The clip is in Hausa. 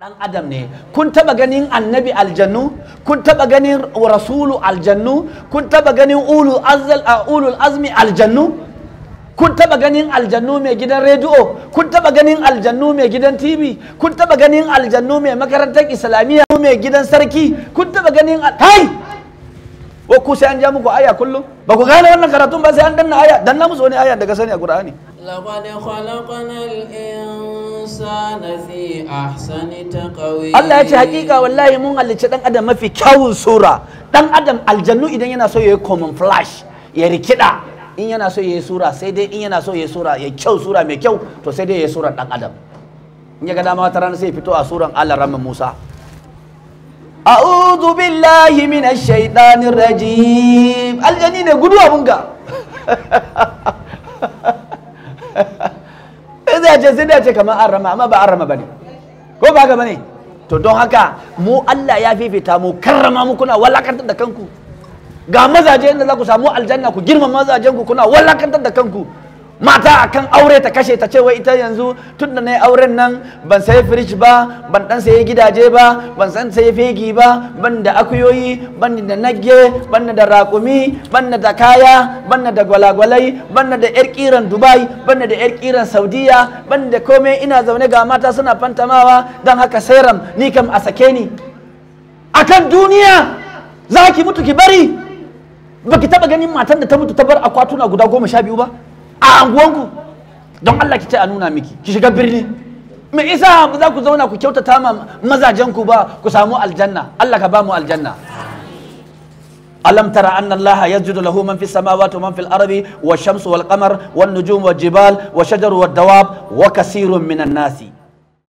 dan adam ne kun taba ganin annabi aljannu kun taba ganin rasulu aljannu kun taba ganin ulul azal a ulul azmi aljannu kun taba ganin aljannu mai gidan rediyo kun taba ganin aljannu mai gidan tv kun taba ganin aljannu mai makarantar islamiyya mai gidan sarki kun taba ganin kai ko ku sai an ja muku aya kullum ba ku gane wannan karatun ba sai an danna aya danna musu wani aya daga sani a qur'ani لقد خلقنا الإنسان في أحسن تقويم الله يجي حقيقة والله من قال لك أدم ما في كون سورة دان أدم الجنة إذا ينسوا يكمن فلاش يركدا in yana so ya yi sura sai dai in yana so ya yi sura ya kyau sura mai kyau to sai dai ya yi sura dan adam in ya ga dama wata rana sai fito a suran Allah ramin Musa a'udhu billahi minash shaitanir rajim aljani ne gudu abunga in zai ce sai da ce kamar an rama amma ba an rama ko ba ga bane? to don haka mu Allah ya fifita mu karrama mu kuna walakantar da kanku ga mazaje inda za ku samu aljanna ku girmama mazajen ku kuna walakantar da kanku mata akan aure ta kashe ta ce wai ita yanzu tun da na yi auren nan ban sayi firij ba ban dan sayi gidaje ba ban san sayi fegi ba ban da akuyoyi ban da nagge ban da raƙumi ban da kaya ban da gwalagwalai ban da yar dubai ban da yar kiran saudiya ban da komai ina zaune ga mata suna fantamawa dan haka sairam ni kam a sake ni akan duniya za mutu ki bari baki taba ganin matan da ta mutu ta bar akwatuna guda goma sha biyu ba a anguwanku don Allah ki ce a nuna miki ki shiga birni Me isa mu za ku zauna ku kyautata ma mazajenku ba ku samu aljanna Allah ka ba aljanna alam tara anna allaha lahu man fis samawati wa wa shamsu wal Kamar, wa nujum wal jibal wa shajaru wad dawab wa kaseerun minan